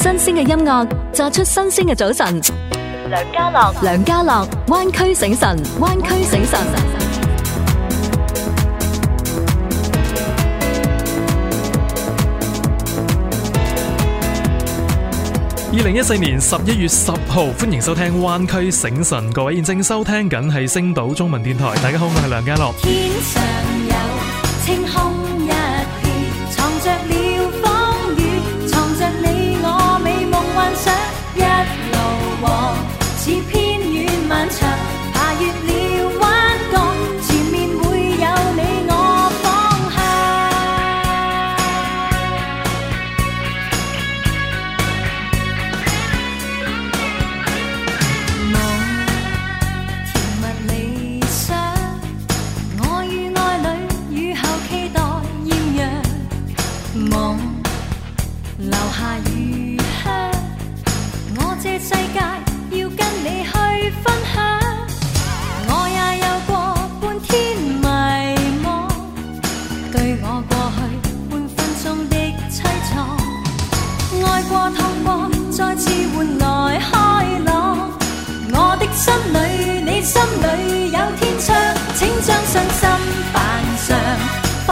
新鮮嘅音樂，作出新鮮嘅早晨。梁家樂，梁家樂，灣區醒晨，灣區醒晨。二零一四年十一月十號，歡迎收聽灣區醒晨。各位現正收聽緊係星島中文電台。大家好，我係梁家樂。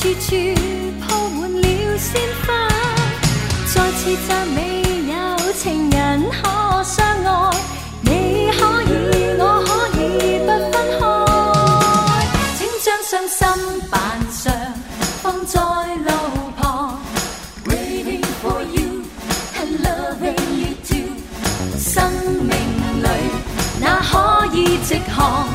處處鋪滿了鮮花，再次讚美有情人可相愛。你可以，我可以不分開，請將信心扮上，放在路旁。Waiting for you and loving you too。生命裏那可以直航？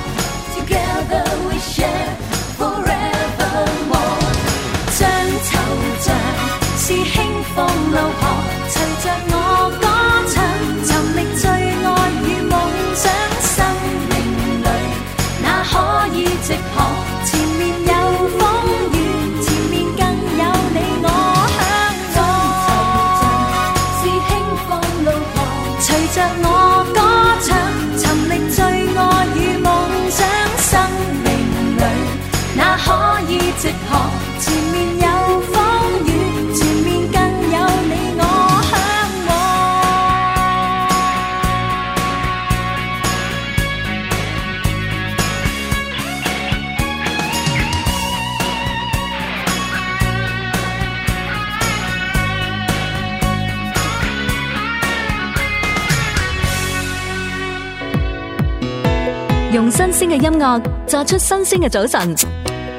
新鮮的音樂，作出新鮮的早晨。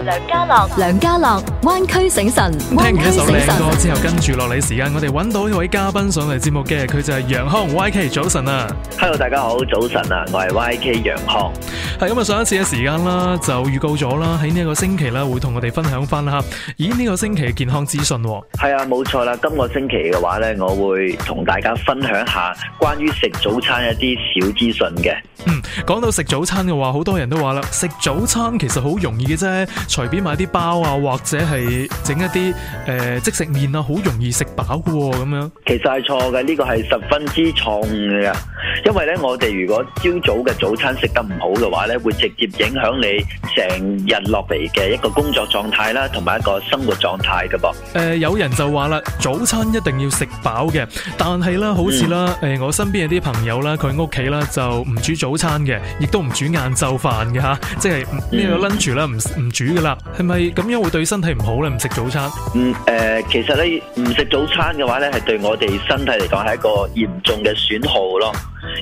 梁家樂，梁家樂。灣區醒、醒晨，聽完呢首靚歌之後，跟住落嚟時間，我哋揾到一位嘉賓上嚟節目嘅，佢就係楊康 Y K 早晨啊！Hello，大家好，早晨啊，我係 Y K 楊康。係咁啊，上一次嘅時間啦，就預告咗啦，喺呢一個星期啦，會同我哋分享翻啦咦，呢個星期嘅健康資訊？係啊，冇錯啦，今個星期嘅話咧，我會同大家分享下關於食早餐一啲小資訊嘅。嗯，講到食早餐嘅話，好多人都話啦，食早餐其實好容易嘅啫，隨便買啲包啊，或者係。係整一啲誒、呃、即食麵啊，好容易食飽㗎喎，咁樣其實係錯嘅，呢、呢個係十分之錯誤嘅。因為咧，我哋如果朝早嘅早餐食得唔好嘅話咧，會直接影響你成日落嚟嘅一個工作狀態啦，同埋一個生活狀態噶噃。誒，有人就話啦，早餐一定要食飽嘅，但係咧，好似啦，誒，我身邊有啲朋友啦，佢屋企啦就唔煮早餐嘅，亦都唔煮晏晝飯嘅吓，即係呢個 lunch 啦，唔唔煮噶啦，係咪咁樣會對身體唔好咧？唔食早餐？嗯，誒，其實咧唔食早餐嘅話咧，係對我哋身體嚟講係一個嚴重嘅損耗咯。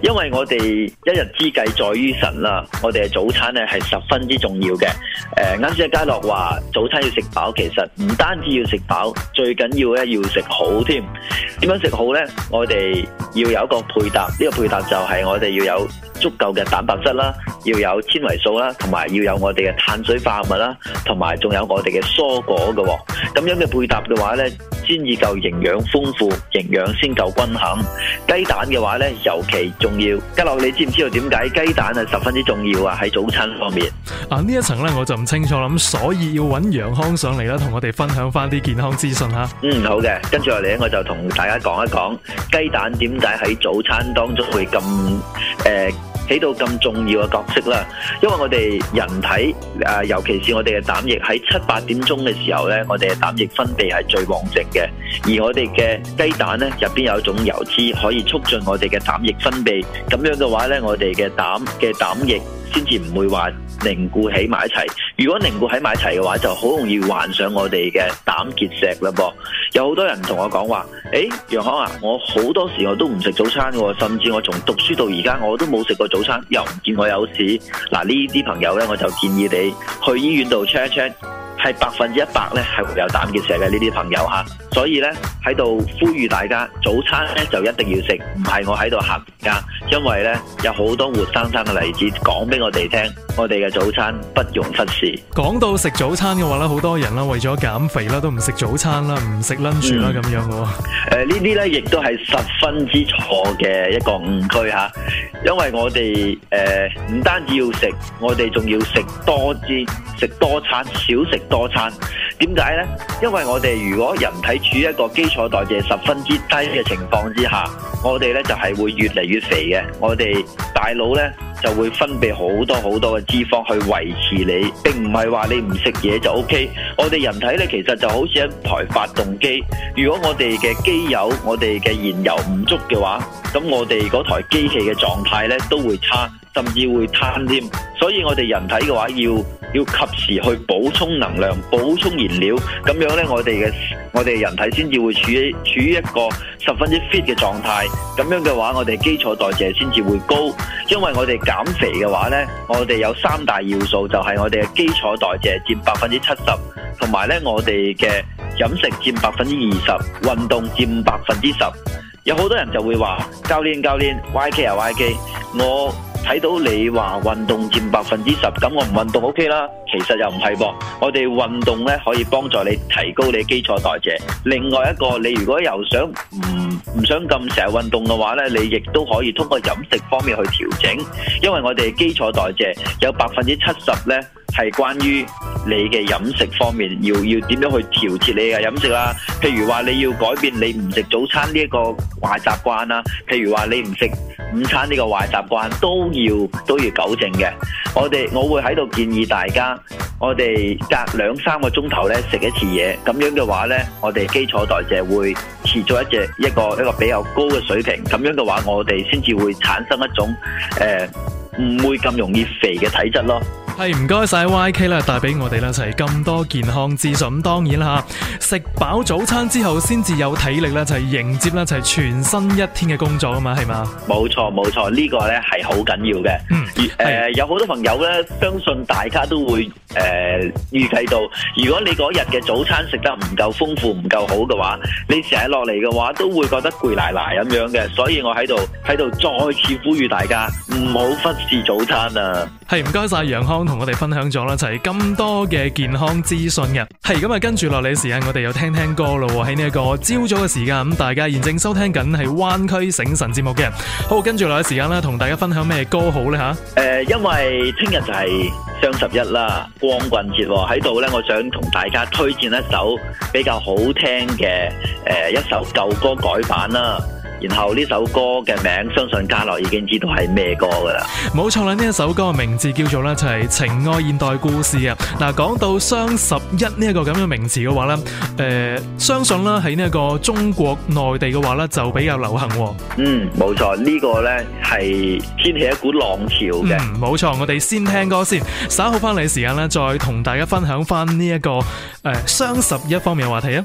因為我哋一日之計在於晨啦，我哋嘅早餐咧係十分之重要嘅。誒、呃，啱先阿佳樂話早餐要食飽，其實唔單止要食飽，最緊要咧要食好添。點樣食好呢？我哋要有一個配搭，呢、呢個配搭就係我哋要有足夠嘅蛋白質啦，要有纖維素啦，同埋要有我哋嘅碳水化合物啦，同埋仲有我哋嘅蔬果嘅。咁樣嘅配搭嘅話呢，先至夠營養豐富，營養先夠均衡。雞蛋嘅話咧，尤其重要。吉樂，你知唔知道點解雞蛋係十分之重要啊？喺早餐方面，啊呢一層咧我就唔清楚啦。咁所以要揾楊康上嚟啦，同我哋分享翻啲健康資訊哈。嗯，好嘅，跟住落嚟，我就同大家講一講雞蛋點解喺早餐當中會咁誒。起到咁重要嘅角色啦，因為我哋人體誒、呃，尤其是我哋嘅膽液喺七八點鐘嘅時候呢，我哋嘅膽液分泌係最旺盛嘅，而我哋嘅雞蛋呢，入邊有一種油脂可以促進我哋嘅膽液分泌，咁樣嘅話呢，我哋嘅膽嘅膽液。先至唔會話凝固喺埋一齊。如果凝固喺埋一齊嘅話，就好容易患上我哋嘅膽結石啦噃。有好多人同我講話，誒、欸，楊康啊，我好多時我都唔食早餐喎，甚至我從讀書到而家我都冇食過早餐，又唔見我有事。嗱，呢啲朋友呢，我就建議你去醫院度 check 一 check，係百分之一百呢係會有膽結石嘅呢啲朋友吓。所以咧喺度呼籲大家早餐咧就一定要食，唔係我喺度喊噶，因為咧有好多活生生嘅例子講俾我哋聽，我哋嘅早餐不容忽視。講到食早餐嘅話咧，好多人啦為咗減肥啦都唔食早餐啦，唔食 c 住啦咁樣嘅。誒、呃、呢啲咧亦都係十分之錯嘅一個誤區吓，因為我哋誒唔單止要食，我哋仲要食多支食多餐，少食多餐。點解咧？因為我哋如果人體處一個基礎代謝十分之低嘅情況之下，我哋呢就係會越嚟越肥嘅。我哋大腦呢就會分泌好多好多嘅脂肪去維持你，並唔係話你唔食嘢就 OK。我哋人體呢其實就好似一台發動機，如果我哋嘅機油、我哋嘅燃油唔足嘅話，咁我哋嗰台機器嘅狀態呢都會差。甚至會攤添，所以我哋人體嘅話要要及時去補充能量，補充燃料，咁樣呢，我哋嘅我哋人體先至會處於處於一個十分之 fit 嘅狀態，咁樣嘅話我哋基礎代謝先至會高，因為我哋減肥嘅話呢，我哋有三大要素，就係我哋嘅基礎代謝佔百分之七十，同埋呢，我哋嘅飲食佔百分之二十，運動佔百分之十。有好多人就會話教練教練 YK 啊 YK 我。睇到你話運動佔百分之十，咁我唔運動 O K 啦。其實又唔係喎，我哋運動呢，可以幫助你提高你基礎代謝。另外一個，你如果又想唔唔想咁成日運動嘅話呢，你亦都可以通過飲食方面去調整，因為我哋基礎代謝有百分之七十呢係關於你嘅飲食方面要要點樣去調節你嘅飲食啊？譬如話你要改變你唔食早餐呢一個壞習慣啊，譬如話你唔食午餐呢個壞習慣都要都要糾正嘅。我哋我會喺度建議大家，我哋隔兩三個鐘頭咧食一次嘢，咁樣嘅話咧，我哋基礎代謝會持續一隻一個一個比較高嘅水平，咁樣嘅話，我哋先至會產生一種誒唔會咁容易肥嘅體質咯。係唔該晒 YK 啦，帶俾我哋啦一齊咁多健康資訊。咁當然啦，食飽早餐之後先至有體力啦，一齊迎接啦，一齊全新一天嘅工作啊嘛，係嘛？冇錯冇錯，呢個咧係好緊要嘅。嗯，誒、呃，有好多朋友咧，相信大家都會誒預計到，如果你嗰日嘅早餐食得唔夠豐富，唔夠好嘅話，你成日落嚟嘅話都會覺得攰攰咁樣嘅。所以我喺度喺度再次呼籲大家，唔好忽視早餐啊！係唔該晒楊康。同我哋分享咗啦，一齊咁多嘅健康資訊嘅，係咁啊！跟住落嚟時間，我哋又聽聽歌喎。喺呢一個朝早嘅時間，咁大家現正收聽緊係灣區醒神節目嘅人。好，跟住落嚟時間啦，同大家分享咩歌好呢？吓？誒，因為聽日就係雙十一啦，光棍節喺度呢，我想同大家推薦一首比較好聽嘅誒，一首舊歌改版啦。然後，呢首歌嘅名，相信家樂已經知道係咩歌噶啦。冇錯啦，呢一首歌嘅名字叫做呢，就係《情愛現代故事》啊。嗱，講到雙十一呢一個咁樣名詞嘅話呢，誒，相信咧喺呢一個中國內地嘅話呢就比較流行。嗯，冇錯，呢個呢係掀起一股浪潮嘅。嗯，冇錯，我哋先聽歌先，稍後翻嚟嘅時間呢再同大家分享翻呢一個誒雙十一方面嘅話題啊。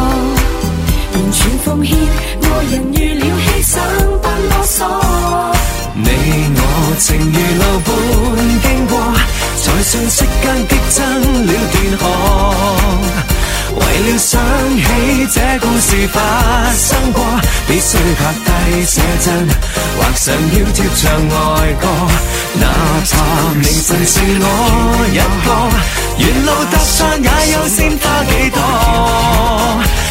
全奉獻，愛人遇了犧牲不囉嗦。你我情如路伴經過，在瞬息間激增了斷河。為了想起這故事發生過，必須拍低寫真，或上要貼唱愛歌。哪怕明晨剩我一個，沿路搭訕也有鮮花幾朵。